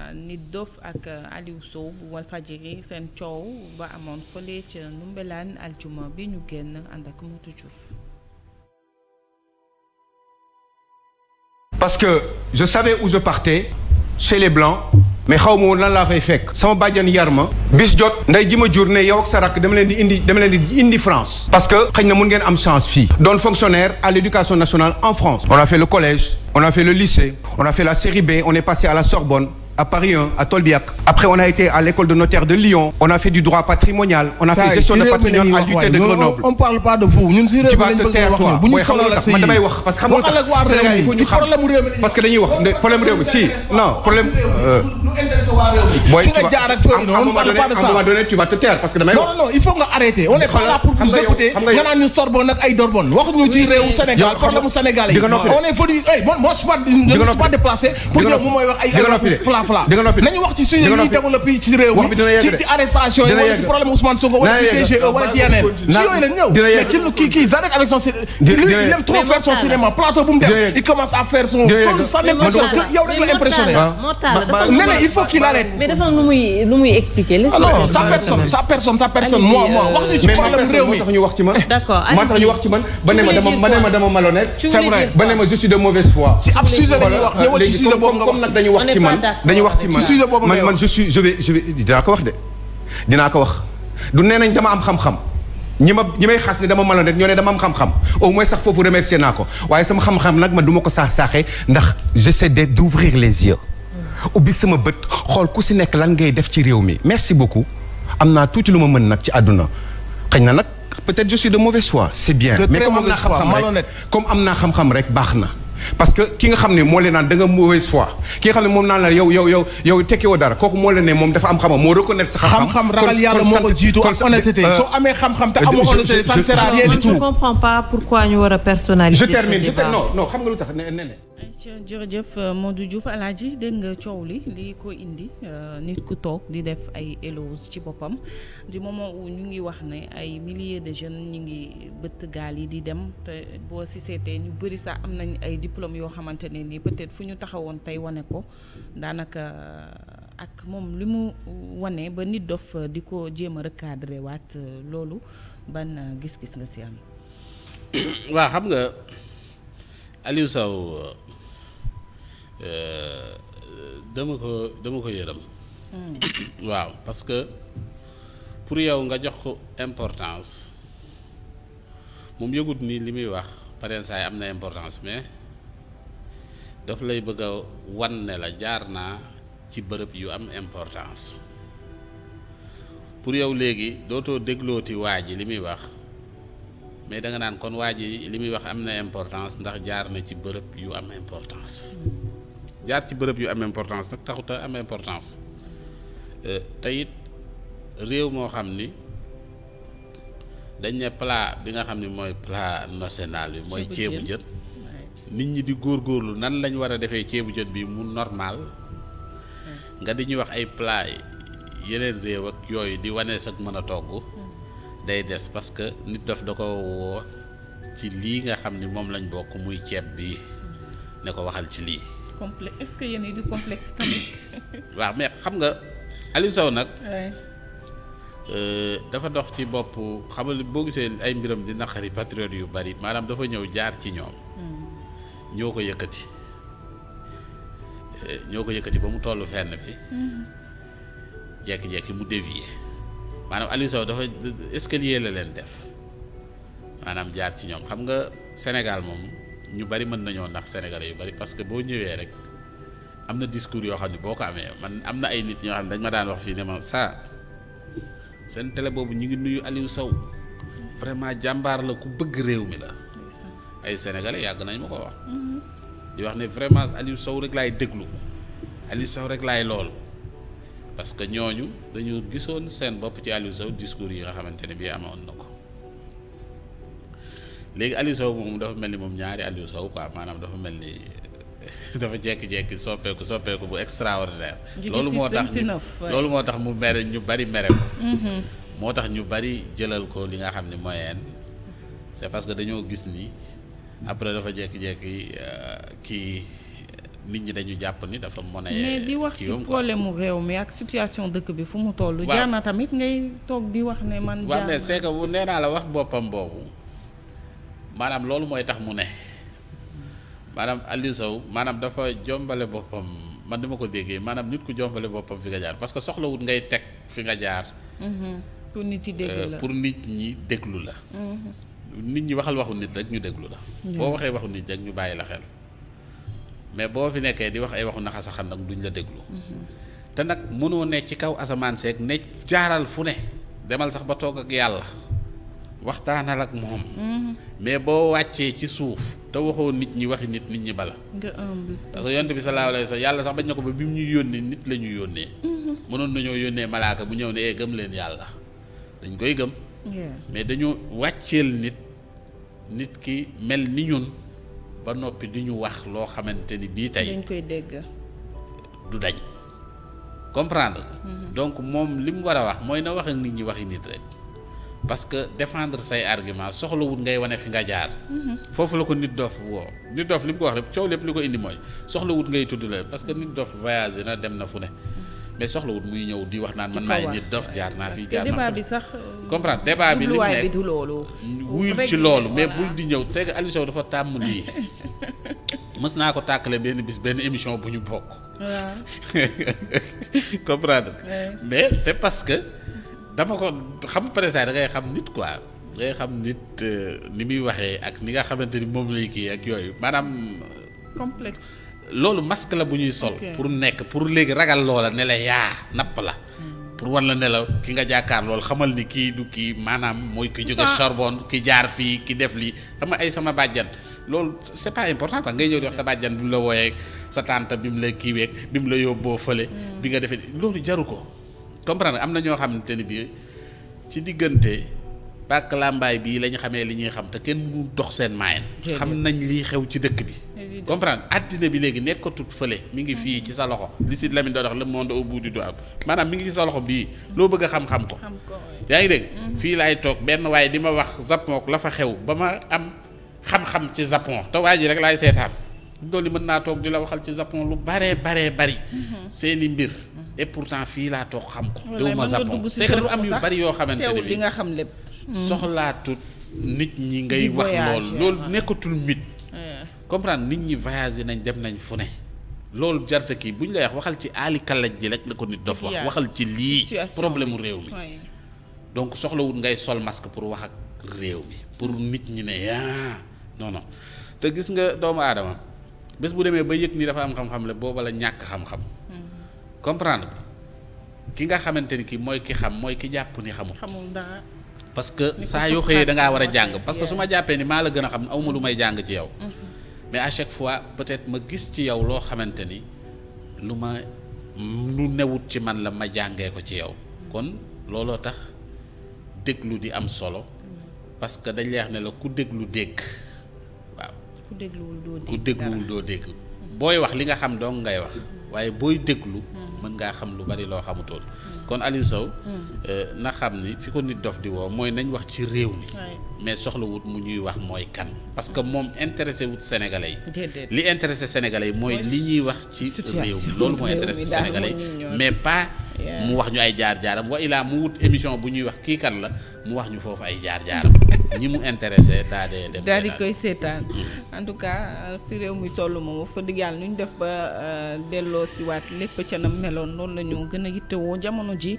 Euh, nit dof ak euh, Aliou Sow bu Walfadjri seen coow ba amoon fële ca Ndoumbélane aljuma bi ñu génn ànd ak Moutou parce que je savais où je partais chez les blancs mais xaw ma woon lan laa fay fekk sama bàjjan yar ma bis jot nday ji jur ne yow sa rakk dama leen di indi France parce que xëy na mun ngeen am chance fii doon fonctionnaire à l'éducation nationale en France on a fait le collège on a fait le lycée on a fait la série B on est passé à la Sorbonne à Paris 1, à Tolbiac. Après, on a été à l'école de notaire de Lyon. On a fait du droit patrimonial. On a fait gestion de patrimoine à l'UT de Grenoble. On parle pas de vous. Ñun si réew mi lañ bëgg a wax bu ñu problème réew mi parce que problème réew mi si non problème euh, booy tu vas à Sorbonne ak ay Dordogne waxuñu ci réewu Sénégal problème Sénégalais on est venu hey moi je suis déplacé pour ñëw mu mooy wax ay soxlaa nañu wax ci suñu ñuy développé ci réew mi ci ci arrestation yi wala ci problème Ousmane Sonko wala ci DGE wala ci yeneen si yooyu la ñëw mais ki kii kii arrête avec son lui il aime trop faire son cinéma plateau bu mu def il commence à faire son loolu ça l'impression que yow rek la impressionné nee na il faut qu'il arrête mais dafa am lu muy lu muy expliquer ah non sa personne sa personne sa personne moi moi wax ñu ci problème réew mi moo tax ñu wax ci man d'accord moo tax ñu wax ci man ba ne ma dama ma ne ma dama malhonnête c'est vrai ba ne ma je suis de mauvaise foi si ab sujet la ñuy wax ñëwal ci sujet boobu nga wax comme nag dañu wax ci man dañuy wax ci man man man je suis je vais je vais dinaa ko wax de dinaa ko wax du nee nañ dama am xam ñi ma ñi may xas ne dama maloon rek ñoo ne dama am xam au moins sax foofu remercier naa ko waaye sama xam nag man du ko saax-saaxee ndax j'essaie d'ouvrir les yeux hmm. ubbi sama bët xool ku si nekk lan ngay def ci réew mi merci beaucoup am naa tuuti lu ma mën nag ci àdduna xëy na nag peut-être je suis de mauvaise foi c'est bien mais comme am naa xam-xam xam-xam rek baax na parce que ki nga xam ne moo leen naan da nga mauvaise foi ki nga xam ne moom naan la yow yow yow yow tekkiwoo dara kooku moo leen ne moom dafa am xam-xam moo sa xam-xam xam-xam ragal yàlla moo ko jiitu ak honnêteté euh, xam-xam te euh, amoo honnêteté ça ne sert à rien tout je xam nga lu tax ne ayca jërëjëf euh, Modou Diouf alaaji dégg nga coow li li ko indi euh, nit ku toog di def ay éloges ci boppam du moment où ñu ngi wax ne ay milliers de jeunes ñu ngi bët gaal yi di dem te boo si seetee ñu bëri sax am nañ ay diplômes yoo xamante ne nii peut-être fu ñu taxawoon tey wane ko daanaka euh, ak moom li mu wane ba nit dof di ko jéem a recadrer waat loolu ban gis-gis nga si am. waa xam nga Aliou Euh, dama ko dama ko yërëm. Hmm. waaw parce que pour yow nga jox ko importance moom yëgut nii li muy wax parents yi am na importance mais daf lay bëgg a wan ne la jaar naa ci bërëb yu am importance pour yow léegi dootoo déglooti waa ji li muy wax. mais da nga naan kon waa ji li muy wax am na importance ndax jaar na ci bërëb yu am importance. Hmm. jaar ci bërëb yu am importance nag taxut a am importance euh, te it réew moo xam ni dañ ne plat bi nga xam ni mooy plat national bi mooy ceebu jën nit ñi di góor góorlu nan lañ war a defee ceebu jën bi mu normal nga di ñuy wax ay plat yeneen réew ak yooyu di wane sax mën a togg day des parce que nit dof da ko woo ci lii nga xam ni moom lañ bokk muy ceeb bi mm-hmm. ne ko waxal ci lii complexe est-ce que yéen du complexe tamit. waaw mais xam nga Aliou Sow nag. Euh, dafa dox ci bopp xamal boo gisee ay mbiram di naqari patriote yu bari maanaam dafa ñëw jaar ci ñoom. Hmm. ñoo ko yëkkati euh, ñoo ko yëkkati ba mu tollu fenn fi hmm. jekki-jekki mu dévier maanaam Aliou Sow dafa escalier la leen def maanaam jaar ci ñoom xam nga Sénégal moom. ñu bari mën nañoo ndax sénégalais yu bari parce que boo ñëwee rek am na discours yoo xam ne boo ko amee man am na ay nit ñoo xam ne dañ ma daan wax fii ne ma saa seen télé boobu ñu ngi nuyu Aliou Sow vraiment jàmbaar la ku bëgg réew mi la. ay sénégalais yàgg nañ ma ko wax. Mm-hmm. di wax ne vraiment Aliou Sow rek laay déglu Aliou Sow rek laay lool parce que ñooñu dañu gisoon seen bopp ci Aliou Sow discours yi nga xamante ne bii amoon na ko. léegi Aliou Sow moom dafa mel ni moom ñaari Aliou Sow quoi maanaam dafa mel ni dafa jékki-jékki soppeeku soppeeku bu extraordinaire. loolu moo tax loolu moo tax mu mere ñu bari mere ko. Mm-hmm. moo tax ñu bari jëlal ko li nga xam ni moyenne c'est parce que dañoo gis ni après dafa jékki-jékki euh, kii. nit ñi dañu jàpp ni dafa mën a. mais di wax ci problème mu réew mi ak situation dëkk bi fu mu toll. jaar na tamit ngay toog di wax ne man. jaar na waaw nee naa la wax boppam boobu. maanaam loolu mooy tax mu ne maanaam Aliou Sow maanaam dafa jombale boppam man dama ko déggee maanaam nit ku jombale boppam fi nga jaar parce que soxlawut ngay teg fi nga jaar. Mm-hmm. pour nit yi euh, pour nit ñi déglu la. Mm-hmm. nit ñi waxal waxu nit rek ñu déglu la. boo waxee waxu nit rek ñu bàyyi la xel. mais boo fi nekkee di wax ay waxu naxa saxan nag duñ la déglu. Mm-hmm. te nag mënoo ne ci kaw asamaan seeg ne jaaral fu ne demal sax ba toog ak yàlla. waxtaanal ak moom. Mm-hmm. mais boo wàccee ci suuf te waxoo nit ñi waxi nit nit ñi bala. nga humble bi sallallahu alayhi yàlla sax bañ na ko ba bi mu ñuy yónnee nit la ñu yónnee. Mm-hmm. mënoon nañoo yónnee malaaka bu ñëw ne eh gëm leen yàlla dañ koy gëm. mais dañoo wàcceel nit nit ki mel ni ñun ba noppi di ñu wax loo xamante ni bii tey. dañ koy dégg. du dañ comprendre mm-hmm. donc moom li war a wax mooy na wax ak nit ñi waxi nit rek. parce que défendre say argument soxlawut ngay wane fi nga jaar. foofu la ko nit dof woo nit dof li mu ko wax rek coow lépp li ko soxlawut ngay tudd la parce que nit dof voyagé na dem na fu ne. mais soxlawut muy ñëw di wax naan man maay nit dof naa fii jaar naa débat bi sax. comprendre débat bi li mu nekk wuyul ci loolu mais bul di ñëw teg Aliou dafa tàmm lii. mës naa ko tàkkale benn bis benn émission bu ñu bokk. comprendre mais c'est parce que. dama ko xam président da ngay xam nit quoi da ngay xam nit euh, ni muy waxee ak ni nga xamante ni moom lay kii ak yooyu maanaam. loolu masque la bu ñuy sol. pour nekk pour léegi ragal loola ne yaa napp la. Hmm. pour wan na nelaw ki nga jàkkaar loolu xamal ni kii du kii maanaam mooy. kii jóge Sorbonne ki jaar fii ki def lii sama ay sama bàjjan loolu c'est pas important quoi ngay ñëw di sa bàjjan bi mu la wooyee sa tante bi mu la kiiweeg bi mu la yóbboo fële. Hmm. bi nga defee loolu jaru ko. comprendre am na ñoo xamante ni bii ci diggante pàkk làmbaay bii la ñu xamee li ñuy xam te kenn mu dox seen maayen xam nañ liy xew ci dëkk bi comprendre àddina bi léegi nekkatut fële mi ngi fii ci sa loxo li si Lamine doo dox le monde au bout du maanaam mi ngi ci sa bii loo bëgg a xam-xam ko yaa mhm. fii laay toog benn waaye di ma wax japon la fa xew ba ma am xam-xam ci japon te ji rek laay seetaan loolu mën naa toog di la waxal ci japon lu baree baree bari mhm. seeni mbir mhm. et pourtant fii laa toog xam ko. déw ma Japon c'est que dafa am yu bari yoo xamante ne bi nga xam lépp. Hmm. soxlaatut nit ñi ngay wax lool loolu nekkatul mythe. Hmm. comprendre nit ñi voyagé nañ dem nañ fu ne. loolu jarte kii bu ñu lay wax waxal ci aali kalaj ji rek la ko nit dof wax waxal ci lii problème mu réew mi donc soxlawul ngay sol masque pour wax ak réew mi pour nit ñi ne yaa ah, non te gis nga doomu aadama bés bu demee ba yëg ni dafa am xam-xam la booba la ñàkk xam-xam comprendre ki nga xamante ni ki mooy ki xam mooy ki jàpp ni xamul. xamul dara. parce que saa yoo xëyee da ngaa war a jàng parce que su ma jàppee ni maa la gën a xam awma lu may jàng ci yaw mm-hmm. mais à chaque fois peut-être ma gis ci yow loo xamante ni lu ma lu newut ci man la ma jàngee ko ci yow. Mm-hmm. kon looloo tax déglu di am solo. Mm-hmm. parce que dañ lay wax ne la ku déglu dégg waaw. ku dégluwul doo dégg doo dégg. booy wax li nga xam dong ngay wax. waaye booy déglu. mën ngaa xam lu bari loo xamutoon. kon Aliou Sow. Euh, na xam ni fi ko nit dof di woo mooy nañ wax ci réew mi. mais soxla wut mu ñuy wax mooy kan. parce que moom intéressé wut sénégalais yi. li intéressé sénégalais yi mooy li ñuy wax ci réew mi loolu moo intéressé sénégalais yi mais pas. mu wax ñu ay jaar jaaram wa ilaa mu wut émission bu ñuy wax kii kan la mu wax ñu foofu ay jaar jaaram. ñi mu intéressé daal dem daal di koy seetaan mm. en tout cas euh, fi réew mi tollu moom wax dëgg yàlla nu ñu def ba euh, delloo siwaat lépp ca na meloon loolu la ñu gën a yittewoo jamono ji